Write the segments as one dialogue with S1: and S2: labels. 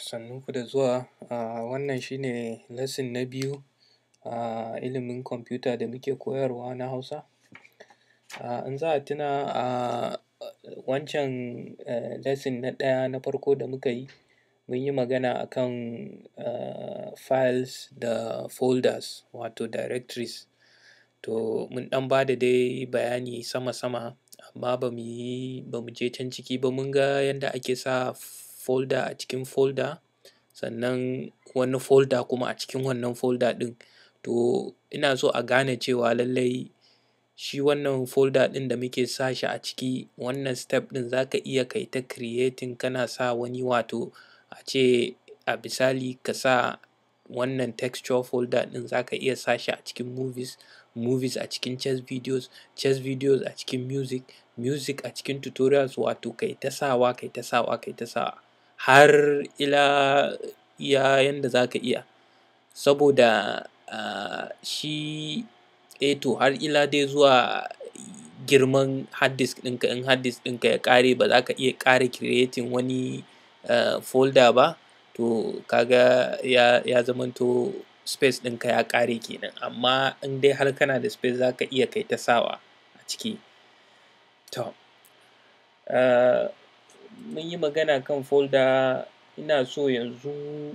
S1: Sannunku da zuwa. a Wannan shi ne lesson na biyu a ilimin kwamfuta da muke koyarwa na Hausa. In za a tuna a wancan e, lesson na ɗaya na farko da muka yi, mun yi magana a kan e, files da folders wato directories. To mun ɗan ba da dai bayani sama-sama amma ba mu yi ba mu je can ciki ba mun ga yadda ake sa folder a cikin folda sannan wani folder kuma a cikin wannan folder ɗin to ina so a gane cewa lallai shi wannan folder ɗin da muke sashi a ciki wannan step ɗin za ka iya kai ta creating kana sa wani wato a ce a misali ka sa wannan texture folder ɗin za ka iya sa shi a cikin movies movies a cikin chess videos chess videos a cikin music music a cikin tutorials wato kai ta sawa kai ta sawa kai ta sawa har ila iya yanda za ka iya saboda shi eto eh to har ila dai zuwa girman hard disk ɗinka in hard disk ɗinka ya ƙare ba za ka iya ƙara creating wani folda ba to kaga ya ya zamanto space ɗinka ya ƙare kenan amma in dai har kana da space za ka iya kai ta sawa a ciki to mun yi magana kan folder ina so yanzu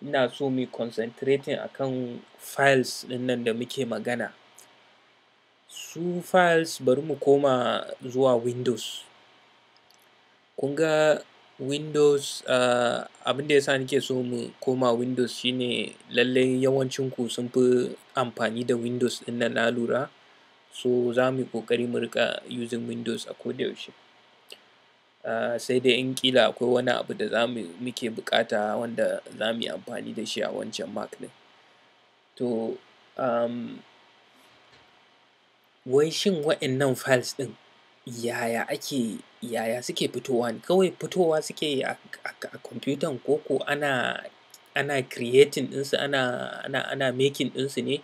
S1: ina so mu concentrating akan files ɗin nan da muke magana su files bari mu koma zuwa windows kun ga windows uh, abin da yasa nake so mu koma windows shine lallai yawancin ku sun fi amfani da windows ɗin nan na lura so za mu yi ƙoƙari mu rika using windows a koda yaushe Ah, sai dai in ƙila akwai wani abu da za mu muke buƙata wanda za mu yi amfani da shi a wancan mark ɗin to um, wai shin wa'innan files ɗin yaya ake yaya suke fitowa ne kawai fitowa suke a kwamfutan ko ko ana ana creating ɗinsu ana ana ana making ɗinsu ne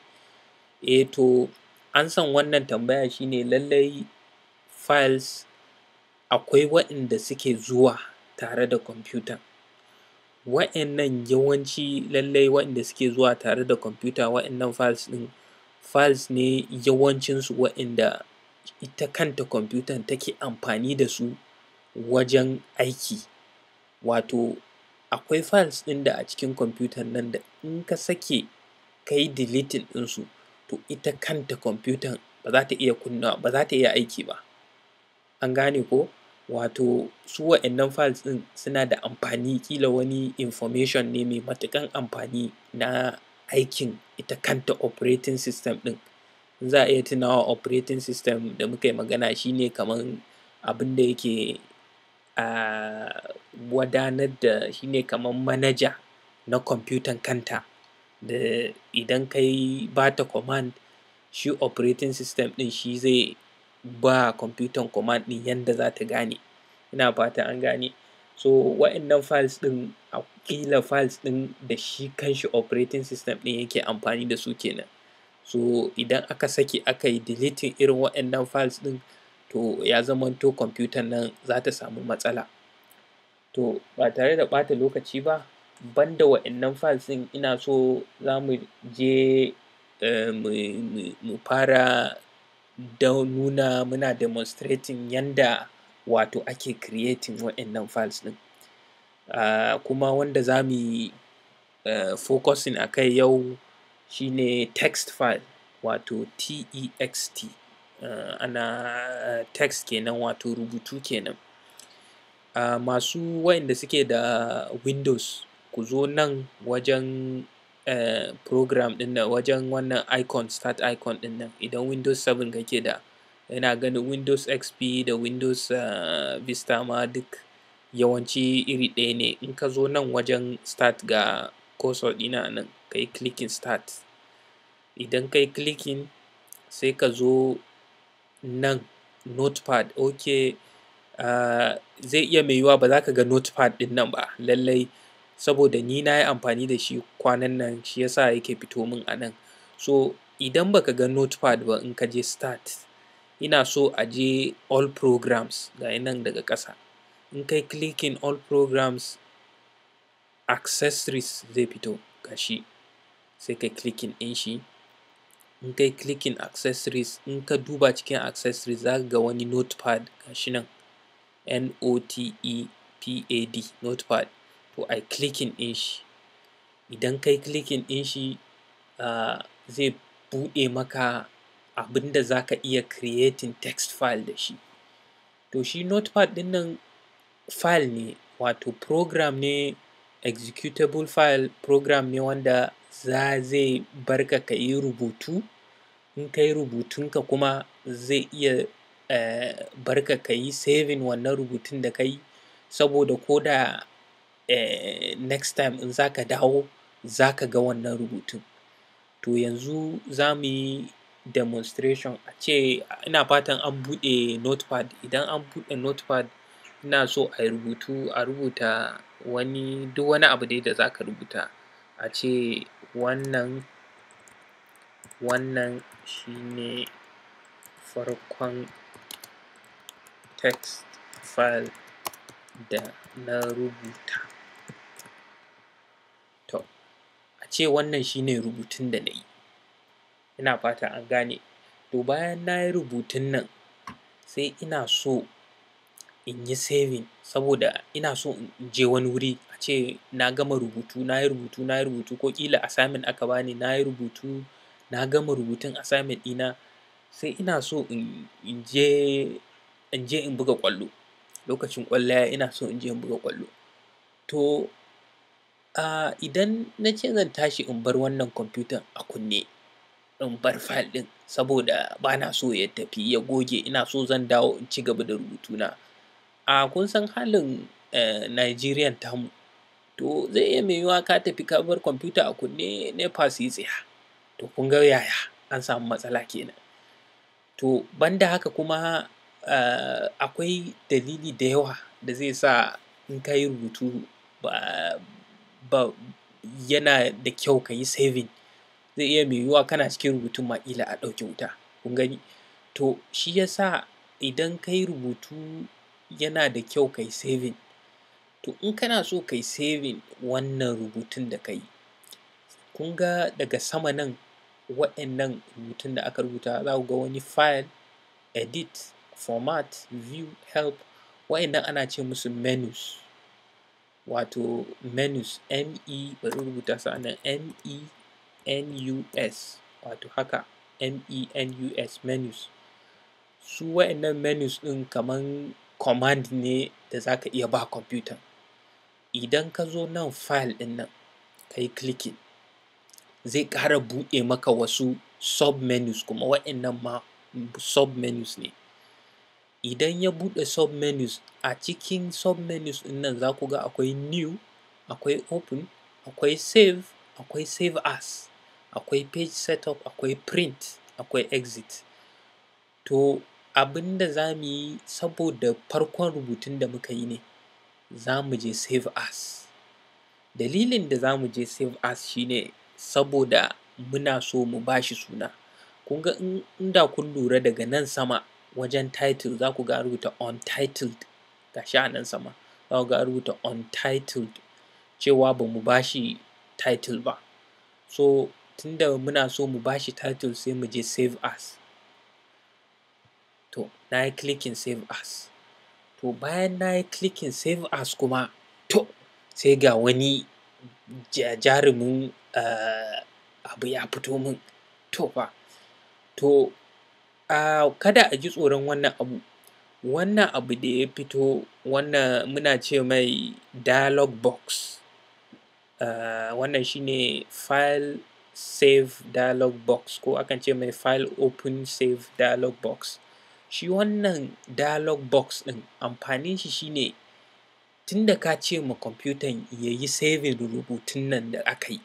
S1: eh to an san wannan tambaya shine lallai files akwai waɗanda suke zuwa tare da kwamfutan wa'innan yawanci lallai waɗanda suke zuwa tare da kwamfuta wa'innan files ɗin files ne yawancinsu wa'inda ita kanta kwamfutan take amfani da su wajen aiki wato akwai files ɗin da a cikin kwamfutan nan da in ka sake ka yi deleting ɗinsu to ita kanta kwamfutan ba za ta iya kunnawa ba za ta iya aiki ba an gane ko wato su wa'annan files ɗin suna da amfani ƙila wani information ne mai matuƙan amfani na aikin ita kanta operating system ɗin za a iya tunawa operating system da muka yi magana shine kaman abin da yake a wadanar da shine kaman manaja na kwamfutan kanta da idan ka ba ta command shi operating system ɗin shi zai ba kwamfutan command ɗin yanda za ta gane ina fata an gane so wa'innan files ɗin a ƙila files ɗin da shi kanshi operating system ɗin yake amfani da su kenan so idan aka saki aka yi deleting irin wa'innan files ɗin to ya zamanto kwamfutan nan za ta samu matsala to ba tare da ɓata lokaci ba banda wa'innan files ɗin ina so za mu je eh, mu fara da nuna muna demonstrating yanda wato ake creating wa'innan files ɗin. Uh, kuma wanda za mu yi eh, focusing a kai yau shine text file wato text uh, e ah, ana text kenan wato rubutu kenan. Ah, masu wa'inda suke da windows ku zo nan wajen Eh, program ɗin nan wajen wannan icon start icon ɗin nan idan windows 7 kake da yana ganin windows xp da windows uh, vista ma duk yawanci iri ɗaya ne in ka zo nan wajen start ga cursor ɗina nan kai yi clicking start idan kai yi clicking sai ka zo nan notepad ok eh, zai iya mai yiwuwa ba za ka ga notepad ɗin nan ba lallai saboda ni na yi amfani da shi kwanan nan shi yasa yake fito min a nan so idan baka ga notepad ba in ka je start ina so a je all programs ga nan daga ƙasa in kai clicking all programs accessories zai fito ga shi sai kai clicking in shi in kai clicking accessories in ka duba cikin accessories za ga wani notepad ga shi nan n o t e p a d notepad to a clicking ɗin shi idan kai clicking ɗin shi uh, zai buɗe maka abinda za ka iya creating text file da shi to shi notepad ɗin nan file ne wato program ne executable file program ne wanda za zai barka ka yi rubutu in ka yi rubutunka kuma zai iya uh, eh, barka ka yi saving wannan rubutun da ka yi saboda ko da Eh, next time in zaka dawo zaka ga wannan rubutun to yanzu za mu yi demonstration a ce ina fatan an buɗe notepad idan an buɗe notepad ina so a rubutu a rubuta wani duk wani abu dai da zaka rubuta a ce wannan wannan ne farkon text file da na rubuta ce wannan shine rubutun da na yi ina fata an gane to bayan na yi rubutun nan sai ina so in yi saving saboda ina so in je wani wuri a ce na gama rubutu na yi rubutu na yi rubutu ko ƙila assignment aka bani na yi rubutu na gama rubutun assignment ɗina sai ina so in je in buga ƙwallo lokacin ƙwallaya ina so in je in buga ƙwallo to Ah, idan na ce zan tashi in bar wannan kwamfutan a kunne in bar fayil ɗin saboda ba na so ya tafi ya goge ina so zan dawo in ci gaba da rubutuna a ah, kun san halin Najeriya eh, nigerian tamu to zai iya mai yiwuwa ka tafi ka bar kwamfuta a kunne nepa su yi tsaya to kun ga yaya an samu matsala kenan to banda haka kuma ah, akwai dalili da yawa da zai sa in ka yi rubutu ba ba yana da kyau ka yi saving zai iya mai yiwuwa kana cikin rubutun ma a ɗauke wuta kun gani to shi sa idan ka yi rubutu yana da kyau ka yi saving to in kana so ka yi saving wannan rubutun da ka yi kun ga daga sama nan waɗannan rubutun da aka rubuta za ku ga wani file edit format view help waɗannan ana ce musu menus wato menus me e rubuta su a nan e wato haka menus menus su wa'innan menus ɗin kaman command ne da za ka iya ba kwamfutan idan ka zo nan file ɗin nan ka yi clicking zai ƙara buɗe maka wasu sub menus kuma wa'annan ma sub menus ne idan ya buɗe menus a cikin submenus ɗin nan za ku ga akwai new akwai open akwai save akwai save as akwai page setup akwai print akwai exit to abin da za mu yi saboda farkon rubutun da muka yi ne za mu je save as dalilin da za mu je save as shine saboda muna so mu ba shi suna kun ga inda kun lura daga nan sama wajen title za ku ga rubuta untitled shi a nan sama za ku ga rubuta untitled cewa ba mu bashi title ba so tunda muna so mu bashi title sai mu je save as to na yi clicking save as to bayan na yi clicking save as kuma to sai ga wani jarumin eh, abu ya fito min to fa to A kada a ji tsoron wannan abu, wannan abu da ya fito wannan muna ce mai dialog box, wannan shi ne file save dialog box ko akan ce mai file open save dialog box. Shi wannan dialog box ɗin amfanin shi shi ne tunda ka ce ma kwamfutan ya yi saving rubutun nan da aka yi,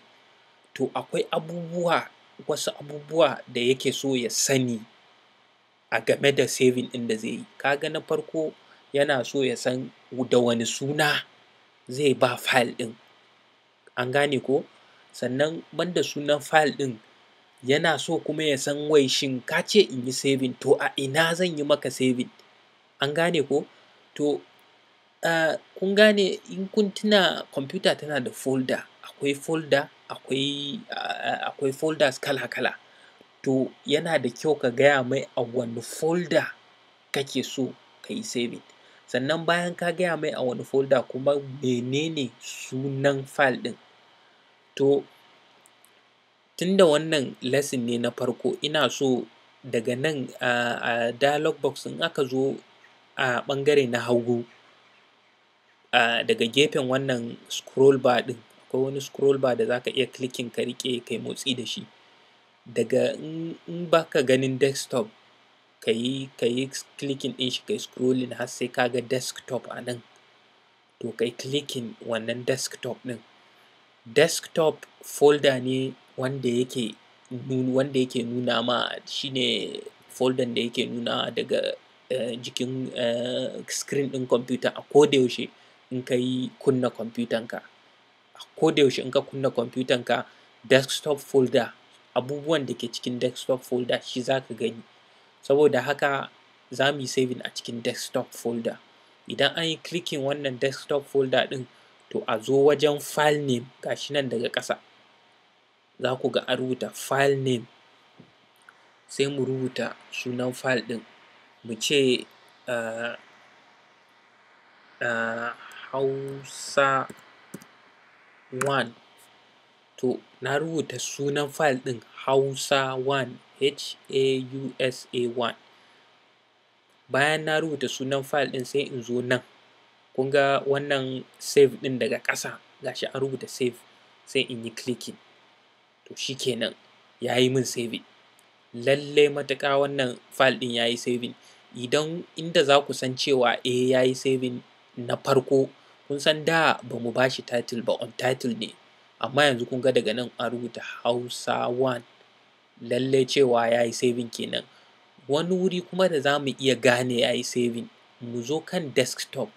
S1: to akwai abubuwa wasu abubuwa da yake so ya sani a game da saving ɗin da zai yi kaga na farko yana so ya san da wani suna zai ba file ɗin an gane ko sannan banda sunan file ɗin yana so kuma ya san wai shin ka ce in yi saving to a ina zan yi maka saving an gane ko to uh, kun gane in kun tuna kwamfuta tana da folda. akwai folda, akwai uh, akwai folders kala-kala to yana da kyau ka gaya mai a wani folder kake so ka yi saving sannan bayan ka gaya mai a wani folder kuma menene sunan file ɗin to tun da wannan lesson ne na farko ina so daga nan a dialog box in aka zo a ɓangare na hagu daga gefen wannan scroll bar ɗin akwai wani scroll bar da zaka iya clicking ka rike kai motsi da shi daga in baka ganin desktop ka yi ka clicking ɗin shi ka scrolling har sai ka ga desktop a nan to ka yi clicking wannan desktop ɗin desktop folder ne wanda yake wanda nuna ma shine folder da yake nuna daga eh, jikin uh, screen ɗin computer a kodayaushe in ka yi kunna ka, a kodayaushe in ka kunna ka desktop folder abubuwan da ke cikin desktop folder shi za ka gani saboda haka za mu yi saving a cikin desktop folder idan an yi clicking wannan desktop folder ɗin to a zo wajen file name gashi nan daga ƙasa za ku ga an rubuta file name sai mu rubuta sunan file ɗin mu ce eh, eh, hausa 1 to na rubuta sunan file ɗin hausa1 h-a-u-s-a 1 bayan na rubuta sunan file ɗin sai in zo nan kun ga wannan save ɗin daga ƙasa ga shi an rubuta save sai in yi clicking to shi kenan ya yi min saving lallai matuƙa wannan file ɗin ya yi saving idan inda za ku san cewa eh ya yi saving na farko kun san da ba mu ba shi title ba on title ne amma yanzu kun ga daga nan an rubuta hausa one lallai cewa ya yi saving kenan wani wuri kuma da za mu iya gane ya yi saving mu zo kan desktop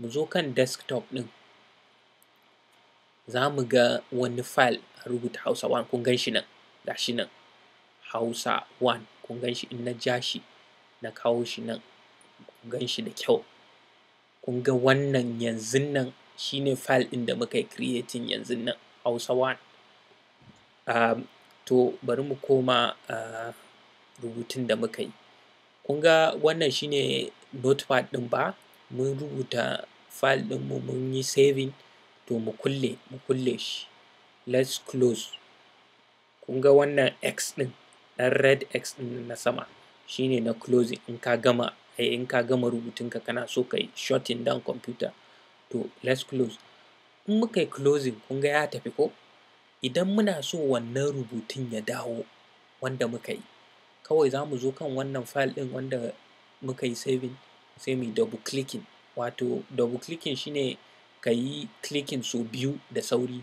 S1: mu zo kan desktop ɗin za mu ga wani file a rubuta hausa one kun gan shi nan ga shi nan hausa one kun gan shi in na ja shi na kawo shi nan kun gan shi da kyau kun ga wannan yanzun nan Shi ne file ɗin da muka yi creating yanzu nan hausa 1 um, to bari mu koma uh, rubutun da muka yi kun ga wannan ne notepad ɗin ba mun rubuta file ɗinmu mun yi saving to mu kulle mu kulle shi let's close kun ga wannan x ɗin ɗan red x ɗin na sama Shi ne na closing in ka gama eh, in ka gama rubutunka kana so ka yi shutting down computer to let's close in muka yi closing kun ga ya tafi ko idan muna so wannan rubutun ya dawo wanda muka yi kawai za mu zo kan wannan file ɗin wanda muka yi saving sai mu double clicking wato double clicking shine ka yi clicking so biyu da sauri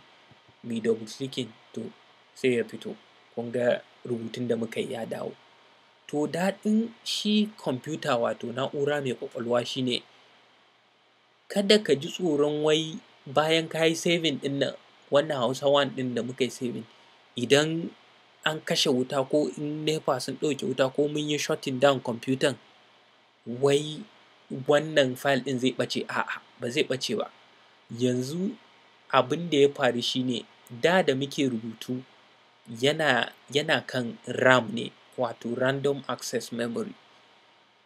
S1: mu double clicking to sai ya fito kun ga rubutun da muka yi ya dawo to daɗin shi computer wato na'ura mai ƙwaƙwalwa shine kada ka ji tsoron wai bayan ka yi saving ɗin nan wannan hausa one ɗin da muka yi saving idan an kashe wuta ko in nepa sun ɗauke wuta ko mun yi shutting down computer wai wannan file ɗin zai ɓace a'a ba zai ɓace ba yanzu abin da ya faru shine da da muke rubutu yana yana kan ram ne wato random access memory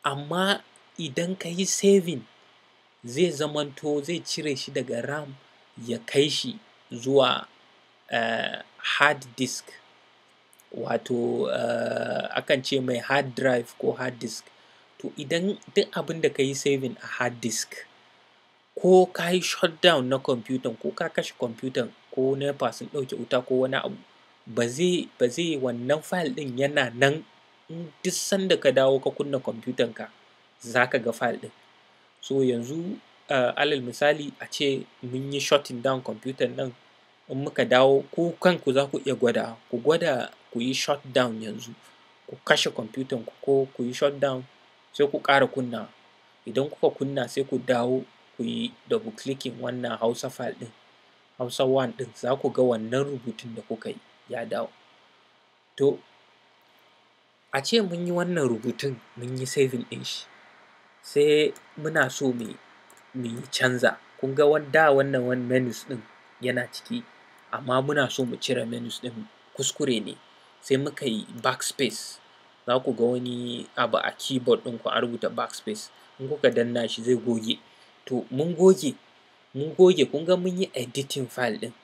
S1: amma idan ka yi saving zai zamanto zai cire shi daga ram ya kai shi zuwa uh, hard disk wato uh, akan ce mai hard drive ko hard disk to idan duk abin da ka yi saving a hard disk ko ka yi shutdown na kwamfutan ko ka kashe kwamfutan ko na sun ɗauke wuta ko wani abu ba zai wannan fayil ɗin yana nan duk sanda ka dawo ka kunna kwamfutan ka za ka ga fayil ɗin so yanzu uh, alal misali a ce mun yi shutting down computer nan in muka dawo ko kanku za ku iya gwada ku gwada ku yi shutdown yanzu ku kashe computer ku ko ku yi shutdown sai ku ƙara kunna idan kuka kunna sai ku dawo ku yi double clicking wannan hausa file ɗin hausa one ɗin za ku ga wannan rubutun da kuka yi ya dawo to a ce mun yi wannan rubutun mun yi saving ɗin shi sai muna so mu mu canza kun ga wanda wannan wani menus ɗin yana ciki amma muna so mu cire menus ɗin kuskure ne sai muka yi backspace za ku ga wani abu a keyboard ɗin ku a rubuta backspace in kuka danna shi zai goge to mun goge mun goge kun ga mun yi editing file ɗin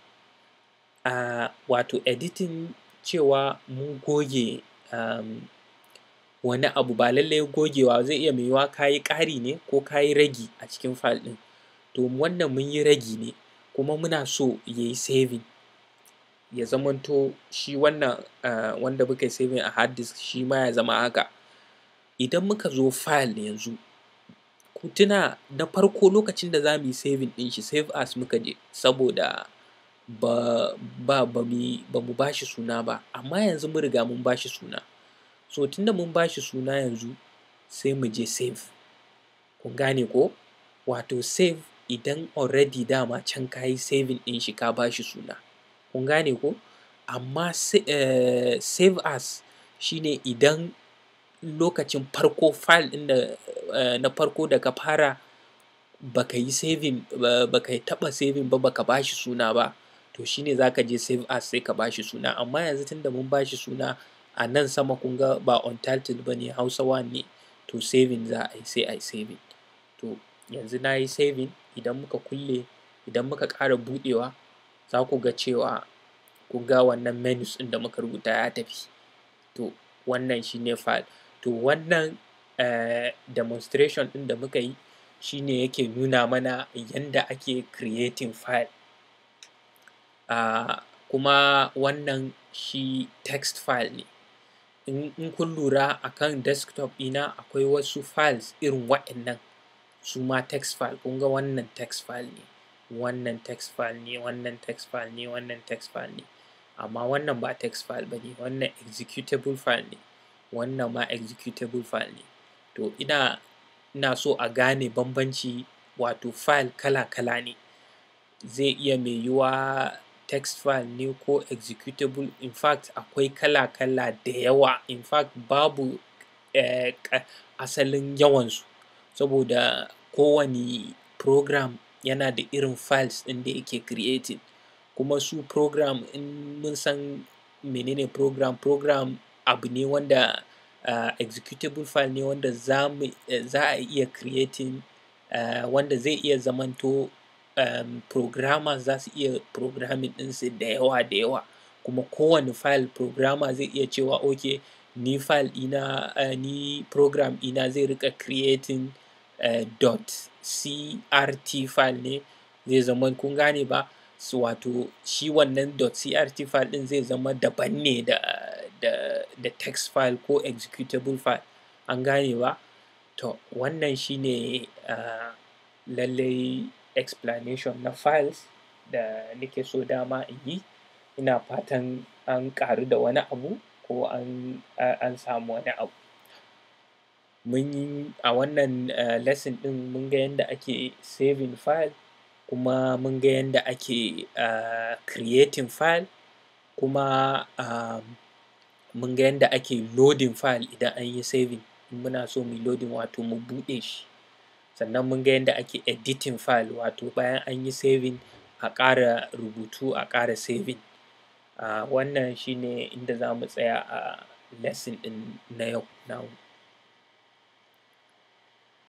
S1: a ah, wato editing cewa mun goge um, wani abu ba lallai gogewa zai iya yiwuwa ka yi ƙari ne ko ka yi ragi a cikin file ɗin to wannan mun yi ragi ne kuma muna so ya yi saving ya zamanto shi wannan eh, wanda muka yi saving a hard disk shi ma ya zama haka idan muka zo file yanzu ku na farko lokacin da za mu yi saving ɗin shi save as muka je saboda ba ba ba mu ba shi suna ba amma yanzu mun riga mun ba shi suna so tunda mun bashi suna yanzu sai mu je save kun gane ko wato save idan already dama can ka yi saving din shi ka bashi suna kun gane ko amma eh, save as shine idan lokacin farko file ɗin da eh, na farko da ka fara baka yi saving baka yi taba saving ba baka bashi suna ba to shine zaka je save as sai ka bashi suna amma yanzu tunda mun bashi suna a nan sama kun ga ba untitled ba ne hausa one ne to saving za a yi sai a yi saving to yanzu na yi saving idan muka kulle idan muka ƙara buɗewa za ku ga cewa kun ga wannan menus ɗin da muka rubuta ya tafi to wannan shi ne file to wannan eh, demonstration ɗin da muka yi shi ne yake nuna mana yadda ake creating file uh, kuma wannan shi text file ne in kun lura akan desktop ina akwai wasu files irin waɗannan su ma text file kun ga wannan text file ne wannan text file ne wannan text file ne wannan text file ne amma wannan ba text file ba ne wannan executable file ne wannan ma executable file ne to ina ina so a gane bambanci wato file kala-kala ne zai iya mai yiwuwa text file ne ko executable in fact akwai kala-kala da yawa in fact babu eh, asalin yawansu saboda kowane program yana da irin files ɗin da yake creating kuma su program in mun san menene program program abu ne wanda uh, executable file ne wanda za eh, a iya creating uh, wanda zai iya zamanto um, programmers za su iya programming ɗinsu da yawa da yawa kuma kowane file programmer zai iya cewa ok ni file ina uh, ni program ina zai rika creating uh, dot crt file ne zai zama kun gane ba su wato shi wannan dot crt file ɗin zai zama daban ne da, da, da text file ko executable file an gane ba to wannan shine uh, ah, lallai explanation na files da nake so dama in yi ina fatan an karu da wani abu ko an, an samu wani abu mun yi a wannan eh, lesson ɗin mun ga yadda ake saving file kuma mun ga yadda ake eh, creating file kuma um, mun ga yadda ake loading file idan an yi saving muna so mu loading wato mu buɗe shi sannan mun ga yadda ake editing file wato bayan an yi saving a ƙara rubutu a ƙara saving uh, wannan shine inda za mu tsaya a lesson ɗin na yau na